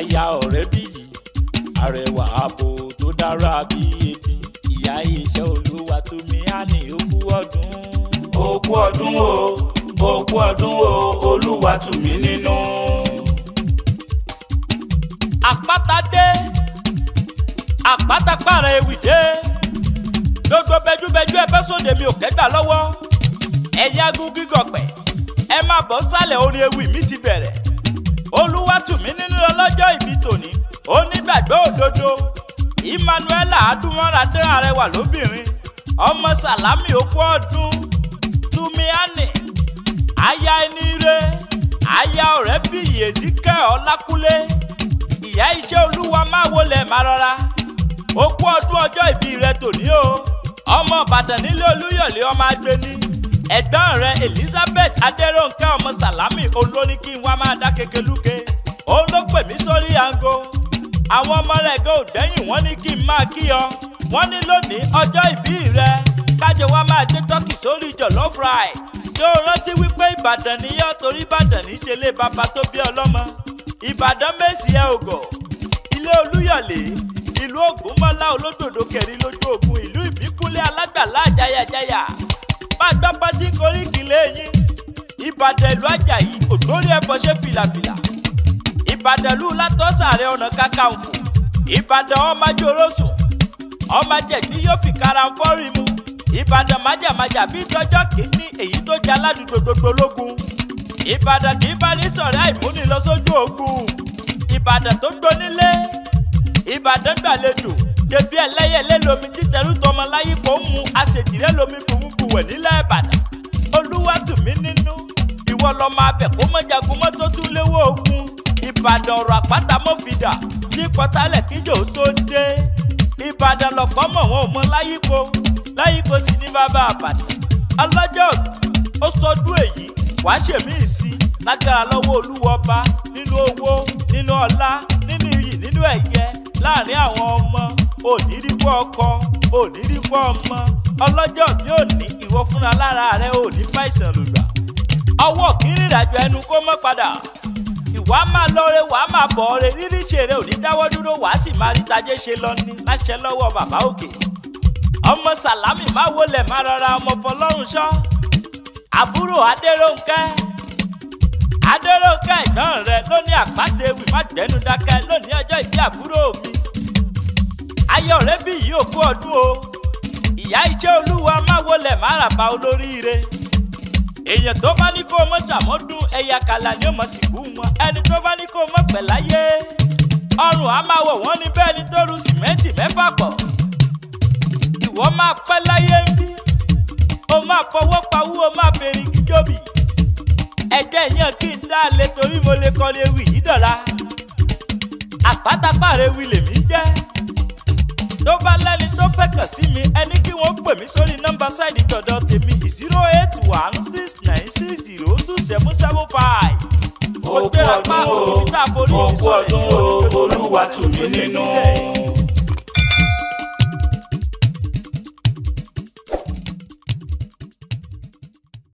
aya Ọ̀rẹ́bíyì arẹwà ààbò tó dára bí ebi ìyá iṣẹ́ Olúwatómi àní okú ọdún. okú ọdún o okú ọdún o Olúwatómi nínú. àpáta dé àpáta pààrọ̀ ewì dé gbogbo bẹjúbẹjú ẹ sóde mi ò kẹ́gbà lọ́wọ́ ẹ̀yin agún gígọ̀pẹ̀ ẹ má bọ́ sálẹ̀ orin ewì mi ti bẹ̀rẹ̀. tù mí nínú ọlọ́jọ́ ìbí tòní onígbàgbọ́ òdodo Emmanuela adúmọ́radán arẹwà lóbìnrin ọmọ sàlámì okú ọdún túmíánì aya ẹni re aya ọ̀rẹ́ bí yèzíkẹ́ ọlákúlé ìyá iṣẹ́ olúwa máa wọlé marara rọra okú ọdún ọjọ́ ìbí rẹ tòní o ọmọ ìbàdàn nílé olúyọ̀lé ọmọ agbeni ẹ̀gbọ́n rẹ Elizabeth adẹ́rọ̀ǹkẹ́ ọmọ sàlámì olóníkí wa máa dá kekeluke. òun ló pè mí sórí aago àwọn ọmọ rẹ̀ gan ò dẹ́yìn wọ́n ní kí n máa kí ọ wọ́n ní lónìí ọjọ́ ìbí rẹ kájọ wa máa dé tọ́kì sórí jọ̀lọ́ fry tí ó rántí wípé ìbàdàn níyọ́ torí ìbàdàn níjẹ̀lé bàbá tó bí ọlọ́mọ ìbàdàn mèsì ẹ ògọ̀ ilé olúyọ̀lé ìlú ògúnmọ́lá olódòdó kẹrin lójú ogun ìlú ìbíkúnlé alágbàlá àjáyàjáyà máa gbọ́ pátí koríkì lẹ́yìn ìbàdàn ìlú àjàyí ògbórí ẹ̀fọ́ ṣe fìlàfìlà ìbàdàn lù látọ́sàrẹ́ ọ̀nà kakanfò ìbàdàn ọmọ jòròsùn ọmọ jẹ̀dí yóò fi karanfọ́ rí mu ìbàdàn májàmájà bí tọjọ́ kìíní èyí tó jẹ́ aládùúgbò gbogbo lógun ìbàdàn kì í bá ní sọ̀rẹ́ àìmúni lọ sójú ogun ìbàdàn tó gbónílé ìbàdàn gbàlejò dèbí ẹlẹ́yẹlé lomi títẹrù tọmọ láyé kò ń mu àṣejìrẹ́ lomi bùnbùwẹ̀ nílẹ̀ ìbàdàn olúwa tù mí nínú ìwọ lọ́mọ abẹ kó mọ́jagun mọ́tò tún léwó ogun. ọ̀rọ̀ àpáta mọ́fìdà ní pọ́tálẹ̀ kíjò tó dé ìbàdàn lọ̀pọ̀ mọ̀ wọn ò mọ láyípo láyípo sì ní bàbá àbàtà ọlọ́jọ́ ó sọdún èyí wàá ṣèmí ìsí lágbára lọ́wọ́ olúwọba nínú owó nínú ọlá nínú iyì nínú ẹ̀yẹ láàrin àwọn ọmọ ọkọ ọmọ ọlọ́jọ́ ò ní ìwọ fúnra lára rẹ ò ní ọwọ́ kí wàá máa lọ́re wàá máa bọ̀ re rírí ṣeré ò dáwọ́ dúró wàá sì máa rí ṣe lọ ní láṣẹ bàbá òkè ọmọ sàlámì má wọlé má rọra ọmọ fọlọ́run ṣọ́ àbúrò adéròǹkẹ́ adéròǹkẹ́ ìgbọ́n rẹ lónìí má gbẹ́nu dákẹ́ lónìí ọjọ́ ìbí àbúrò mi bí yìí òkú ọdún ìyá iṣẹ́ èèyàn tó bá ní kó o mọ̀ ṣàmọ́dún ẹ̀yà kàlà ni ó mọ̀ sí kú wọn ẹni tó bá ní kó o mọ̀ pẹ̀ láyé ọrùn á máa wọ̀ wọ́n ní bẹ́ẹ̀ ni tó ru sìmẹ́ǹtì mẹ́fà pọ̀ ìwọ máa pẹ́ láyé ń bí o máa fọwọ́ pawú o máa bèrè kíjọ́bì ẹ̀jẹ̀ yàn kí n dá lé torí mo lè kọ́lé ewì yìí dọ̀la àpátápá rẹ̀ wí lèmi jẹ́ tó bá lẹ́ni tó fẹ́ kàn sí mi ẹni ó pè mí sórí nọ́mbà sáìdì tọ̀dọ̀ tèmi zero eight one six nine six zero two seven seven five. ó gbéra pa òbí tá a forí ìsọ̀rọ̀ sí olùwàtúmí nínú.